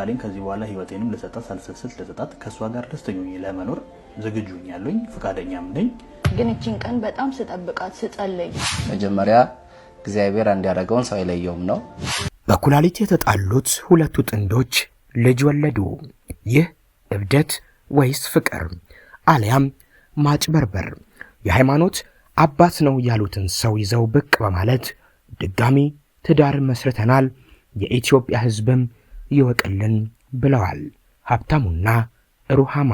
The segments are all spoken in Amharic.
ቃሌን ከዚህ በኋላ ህይወቴንም ልሰጣት ሳልሰስት ልሰጣት ከእሷ ጋር ደስተኛ ለመኖር ዝግጁ ያለኝ ፈቃደኛም ነኝ። ግን እችን ቀን በጣም ስጠብቃት ስጸለይ መጀመሪያ እግዚአብሔር አንድ ሰው አይለየውም ነው። በኩላሊት የተጣሉት ሁለቱ ጥንዶች ልጅ ወለዱ። ይህ እብደት ወይስ ፍቅር አሊያም ማጭበርበር? የሃይማኖት አባት ነው ያሉትን ሰው ይዘው ብቅ በማለት ድጋሚ ትዳር መስርተናል፣ የኢትዮጵያ ህዝብም ይወቅልን ብለዋል። ሀብታሙና ሩሃማ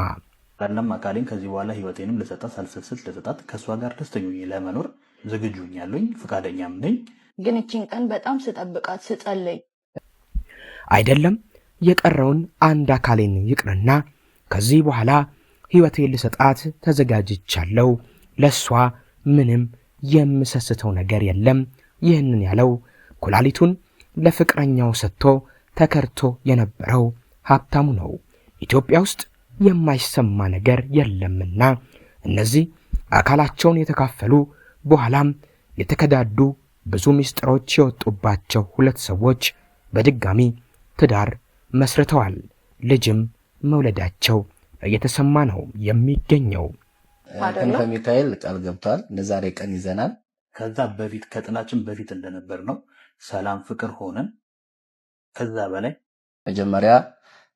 ቀለም አካሌን ከዚህ በኋላ ህይወቴንም ልሰጣት ሳልሰስት ልሰጣት ከእሷ ጋር ደስተኞኝ ለመኖር ዝግጁኝ ያለኝ ፈቃደኛም ነኝ። ግን እችን ቀን በጣም ስጠብቃት ስጸለይ አይደለም የቀረውን አንድ አካሌን ይቅርና ከዚህ በኋላ ህይወቴን ልሰጣት ተዘጋጅቻለሁ። ለእሷ ምንም የምሰስተው ነገር የለም። ይህንን ያለው ኩላሊቱን ለፍቅረኛው ሰጥቶ ተከርቶ የነበረው ሀብታሙ ነው። ኢትዮጵያ ውስጥ የማይሰማ ነገር የለምና እነዚህ አካላቸውን የተካፈሉ በኋላም የተከዳዱ ብዙ ምስጢሮች የወጡባቸው ሁለት ሰዎች በድጋሚ ትዳር መስርተዋል። ልጅም መውለዳቸው እየተሰማ ነው የሚገኘው። ክንፈ ሚካኤል ቃል ገብቷል። ለዛሬ ቀን ይዘናል። ከዛ በፊት ከጥላችን በፊት እንደነበር ነው። ሰላም ፍቅር ሆነን ከዛ በላይ መጀመሪያ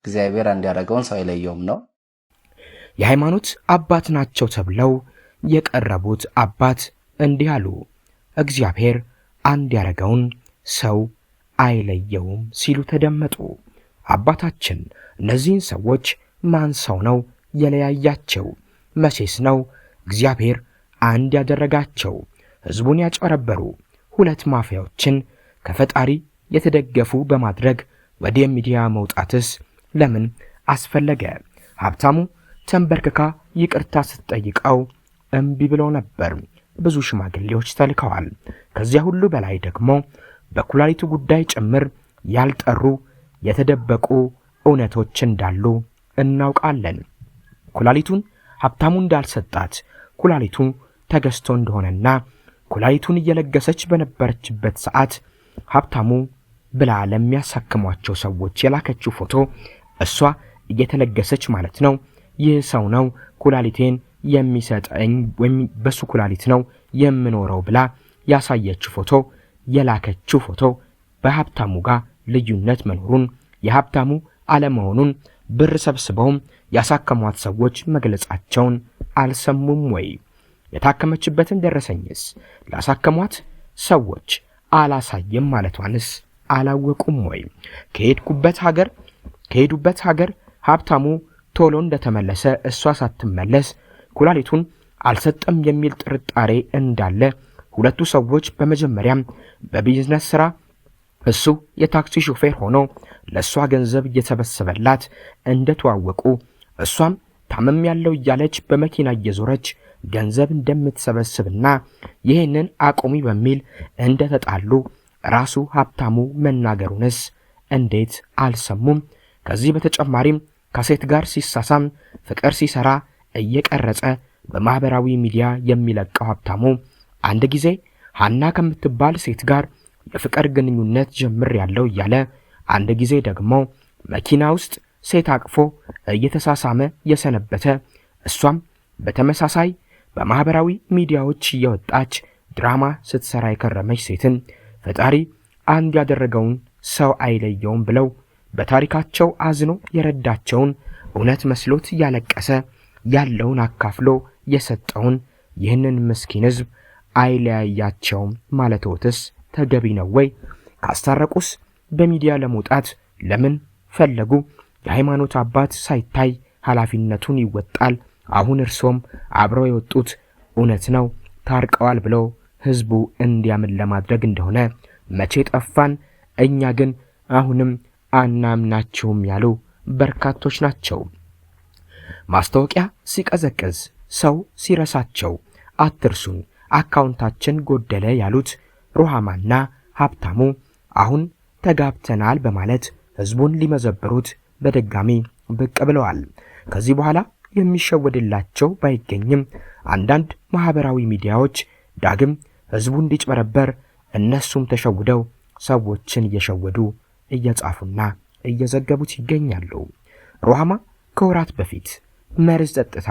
እግዚአብሔር እንዲያደረገውን ሰው አይለየውም ነው። የሃይማኖት አባት ናቸው ተብለው የቀረቡት አባት እንዲህ አሉ። እግዚአብሔር አንድ ያደረገውን ሰው አይለየውም ሲሉ ተደመጡ። አባታችን እነዚህን ሰዎች ማን ሰው ነው የለያያቸው? መቼስ ነው እግዚአብሔር አንድ ያደረጋቸው? ሕዝቡን ያጨረበሩ ሁለት ማፊያዎችን ከፈጣሪ የተደገፉ በማድረግ ወደ ሚዲያ መውጣትስ ለምን አስፈለገ? ሀብታሙ ተንበርክካ ይቅርታ ስትጠይቀው እምቢ ብሎ ነበር። ብዙ ሽማግሌዎች ተልከዋል። ከዚያ ሁሉ በላይ ደግሞ በኩላሊቱ ጉዳይ ጭምር ያልጠሩ የተደበቁ እውነቶች እንዳሉ እናውቃለን። ኩላሊቱን ሀብታሙ እንዳልሰጣት፣ ኩላሊቱ ተገዝቶ እንደሆነና ኩላሊቱን እየለገሰች በነበረችበት ሰዓት ሀብታሙ ብላ ለሚያሳክሟቸው ሰዎች የላከችው ፎቶ እሷ እየተለገሰች ማለት ነው። ይህ ሰው ነው ኩላሊቴን የሚሰጠኝ ወይም በሱ ኩላሊት ነው የምኖረው ብላ ያሳየችው ፎቶ የላከችው ፎቶ በሀብታሙ ጋር ልዩነት መኖሩን የሀብታሙ አለመሆኑን ብር ሰብስበውም ያሳከሟት ሰዎች መግለጻቸውን አልሰሙም ወይ? የታከመችበትን ደረሰኝስ ላሳከሟት ሰዎች አላሳየም ማለቷንስ አላወቁም ወይ? ከሄድኩበት ሀገር ከሄዱበት ሀገር ሀብታሙ ቶሎ እንደተመለሰ እሷ ሳትመለስ ኩላሊቱን አልሰጠም የሚል ጥርጣሬ እንዳለ ሁለቱ ሰዎች በመጀመሪያም በቢዝነስ ሥራ እሱ የታክሲ ሾፌር ሆኖ ለእሷ ገንዘብ እየሰበሰበላት እንደተዋወቁ እሷም ታመም ያለው እያለች በመኪና እየዞረች ገንዘብ እንደምትሰበስብና ይህንን አቁሚ በሚል እንደተጣሉ ራሱ ሀብታሙ መናገሩንስ እንዴት አልሰሙም? ከዚህ በተጨማሪም ከሴት ጋር ሲሳሳም ፍቅር ሲሰራ እየቀረጸ በማኅበራዊ ሚዲያ የሚለቀው ሀብታሙ አንድ ጊዜ ሐና ከምትባል ሴት ጋር የፍቅር ግንኙነት ጀምር ያለው እያለ አንድ ጊዜ ደግሞ መኪና ውስጥ ሴት አቅፎ እየተሳሳመ የሰነበተ እሷም በተመሳሳይ በማኅበራዊ ሚዲያዎች እየወጣች ድራማ ስትሰራ የከረመች ሴትን ፈጣሪ አንድ ያደረገውን ሰው አይለየውም ብለው በታሪካቸው አዝኖ የረዳቸውን እውነት መስሎት ያለቀሰ ያለውን አካፍሎ የሰጠውን ይህንን ምስኪን ሕዝብ አይለያያቸውም ማለትዎትስ ተገቢ ነው ወይ? ካስታረቁስ በሚዲያ ለመውጣት ለምን ፈለጉ? የሃይማኖት አባት ሳይታይ ኃላፊነቱን ይወጣል። አሁን እርሶም አብረው የወጡት እውነት ነው ታርቀዋል ብለው ህዝቡ እንዲያምን ለማድረግ እንደሆነ መቼ ጠፋን እኛ ግን አሁንም አናምናችሁም ያሉ በርካቶች ናቸው። ማስታወቂያ ሲቀዘቅዝ ሰው ሲረሳቸው አትርሱን አካውንታችን ጎደለ ያሉት ሩሃማና ሀብታሙ አሁን ተጋብተናል በማለት ህዝቡን ሊመዘብሩት በድጋሚ ብቅ ብለዋል። ከዚህ በኋላ የሚሸወድላቸው ባይገኝም አንዳንድ ማህበራዊ ሚዲያዎች ዳግም ሕዝቡ እንዲጭበረበር እነሱም ተሸውደው ሰዎችን እየሸወዱ እየጻፉና እየዘገቡት ይገኛሉ። ሩሃማ ከወራት በፊት መርዝ ጠጥታ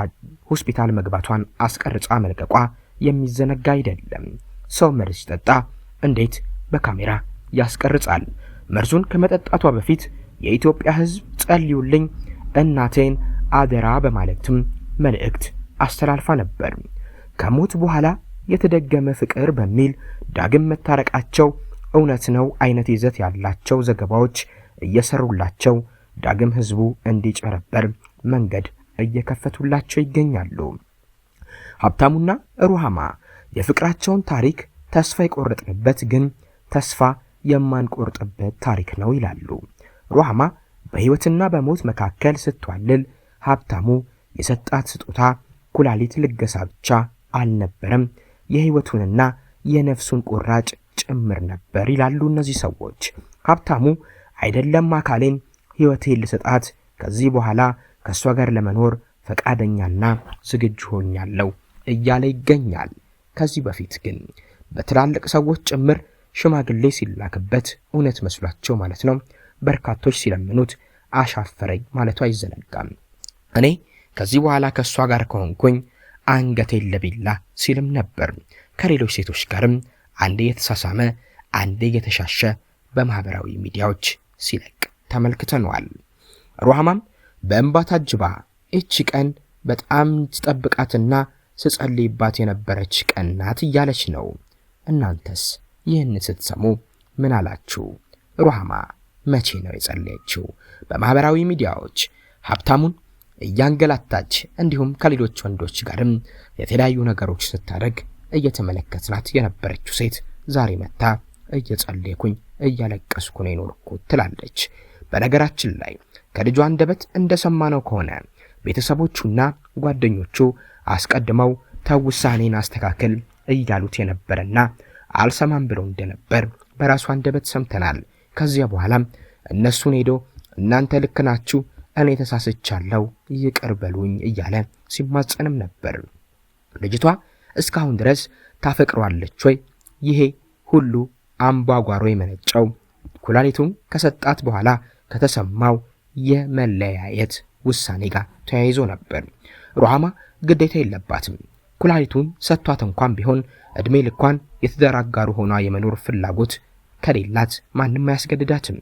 ሆስፒታል መግባቷን አስቀርጻ መልቀቋ የሚዘነጋ አይደለም። ሰው መርዝ ሲጠጣ እንዴት በካሜራ ያስቀርጻል? መርዙን ከመጠጣቷ በፊት የኢትዮጵያ ሕዝብ ጸልዩልኝ፣ እናቴን አደራ በማለትም መልእክት አስተላልፋ ነበር። ከሞት በኋላ የተደገመ ፍቅር በሚል ዳግም መታረቃቸው እውነት ነው አይነት ይዘት ያላቸው ዘገባዎች እየሰሩላቸው ዳግም ህዝቡ እንዲጨረበር መንገድ እየከፈቱላቸው ይገኛሉ። ሀብታሙና ሩሃማ የፍቅራቸውን ታሪክ ተስፋ የቆረጥንበት ግን ተስፋ የማንቆርጥበት ታሪክ ነው ይላሉ። ሩሃማ በህይወትና በሞት መካከል ስትዋልል ሀብታሙ የሰጣት ስጦታ ኩላሊት ልገሳ ብቻ አልነበረም። የህይወቱንና የነፍሱን ቁራጭ ጭምር ነበር ይላሉ እነዚህ ሰዎች። ሀብታሙ አይደለም አካሌን ህይወቴን ልሰጣት ከዚህ በኋላ ከእሷ ጋር ለመኖር ፈቃደኛና ዝግጁ ሆኛለሁ እያለ ይገኛል። ከዚህ በፊት ግን በትላልቅ ሰዎች ጭምር ሽማግሌ ሲላክበት እውነት መስሏቸው ማለት ነው በርካቶች ሲለምኑት አሻፈረኝ ማለቱ አይዘነጋም። እኔ ከዚህ በኋላ ከእሷ ጋር ከሆንኩኝ አንገቴን ለቢላ ሲልም ነበር። ከሌሎች ሴቶች ጋርም አንዴ የተሳሳመ አንዴ የተሻሸ በማህበራዊ ሚዲያዎች ሲለቅ ተመልክተነዋል። ሩሃማም በእንባ ታጅባ እቺ ቀን በጣም ስጠብቃትና ስጸልይባት የነበረች ቀን ናት እያለች ነው። እናንተስ ይህን ስትሰሙ ምን አላችሁ? ሩሃማ መቼ ነው የጸለየችው? በማኅበራዊ ሚዲያዎች ሀብታሙን እያንገላታች እንዲሁም ከሌሎች ወንዶች ጋርም የተለያዩ ነገሮች ስታደርግ እየተመለከትናት የነበረችው ሴት ዛሬ መታ እየጸለይኩኝ እያለቀስኩ ነው የኖርኩት ትላለች። በነገራችን ላይ ከልጇ አንደበት እንደሰማነው ከሆነ ቤተሰቦቹና ጓደኞቹ አስቀድመው ተውሳኔን ውሳኔን አስተካክል እያሉት የነበረና አልሰማም ብሎ እንደነበር በራሱ አንደበት ሰምተናል። ከዚያ በኋላም እነሱን ሄዶ እናንተ ልክ ናችሁ እኔ ተሳስቻለሁ ይቅር በሉኝ እያለ ሲማጸንም ነበር። ልጅቷ እስካሁን ድረስ ታፈቅሯለች ወይ? ይሄ ሁሉ አምባጓሮ የመነጨው ኩላሊቱን ከሰጣት በኋላ ከተሰማው የመለያየት ውሳኔ ጋር ተያይዞ ነበር። ሩሃማ ግዴታ የለባትም። ኩላሊቱን ሰጥቷት እንኳን ቢሆን ዕድሜ ልኳን የትዳር አጋሩ ሆኗ የመኖር ፍላጎት ከሌላት ማንም አያስገድዳትም።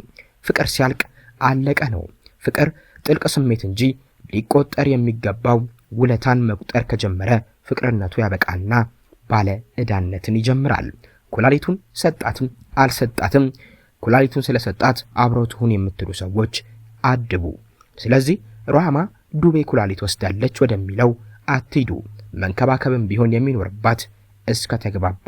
ፍቅር ሲያልቅ አለቀ ነው። ፍቅር ጥልቅ ስሜት እንጂ ሊቆጠር የሚገባው ውለታን መቁጠር ከጀመረ ፍቅርነቱ ያበቃና ባለ ዕዳነትን ይጀምራል። ኩላሊቱን ሰጣትም አልሰጣትም፣ ኩላሊቱን ስለሰጣት አብረው ትሁን የምትሉ ሰዎች አድቡ። ስለዚህ ሮሃማ ዱቤ ኩላሊት ወስዳለች ወደሚለው አትሂዱ። መንከባከብም ቢሆን የሚኖርባት እስከ ተግባቡ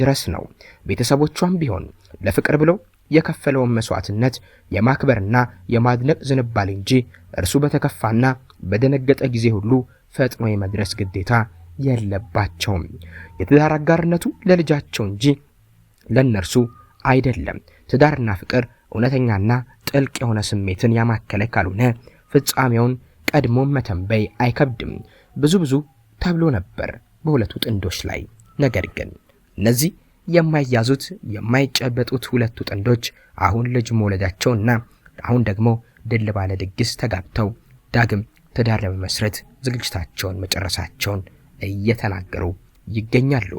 ድረስ ነው። ቤተሰቦቿም ቢሆን ለፍቅር ብለው የከፈለውን መስዋዕትነት የማክበርና የማድነቅ ዝንባሌ እንጂ እርሱ በተከፋና በደነገጠ ጊዜ ሁሉ ፈጥኖ የመድረስ ግዴታ የለባቸውም። የትዳር አጋርነቱ ለልጃቸው እንጂ ለእነርሱ አይደለም። ትዳርና ፍቅር እውነተኛና ጥልቅ የሆነ ስሜትን ያማከለ ካልሆነ ፍጻሜውን ቀድሞ መተንበይ አይከብድም። ብዙ ብዙ ተብሎ ነበር በሁለቱ ጥንዶች ላይ። ነገር ግን እነዚህ የማይያዙት የማይጨበጡት ሁለቱ ጥንዶች አሁን ልጅ መውለዳቸውና አሁን ደግሞ ድል ባለ ድግስ ተጋብተው ዳግም ትዳር ለመመስረት ዝግጅታቸውን መጨረሳቸውን እየተናገሩ ይገኛሉ።